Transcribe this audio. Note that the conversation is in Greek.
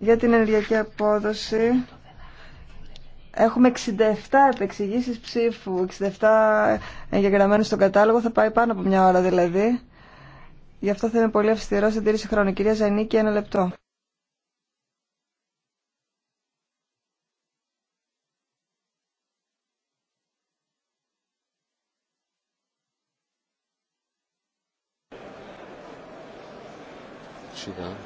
Για την ενεργειακή απόδοση. Έχουμε 67 επεξηγήσεις ψήφου, 67 εγγεγραμμένους στον κατάλογο, θα πάει πάνω από μια ώρα δηλαδή. Γι' αυτό θα είμαι πολύ αυστηρό στην τήρηση χρόνου. Κυρία Ζανίκη, ένα λεπτό. Σιγά.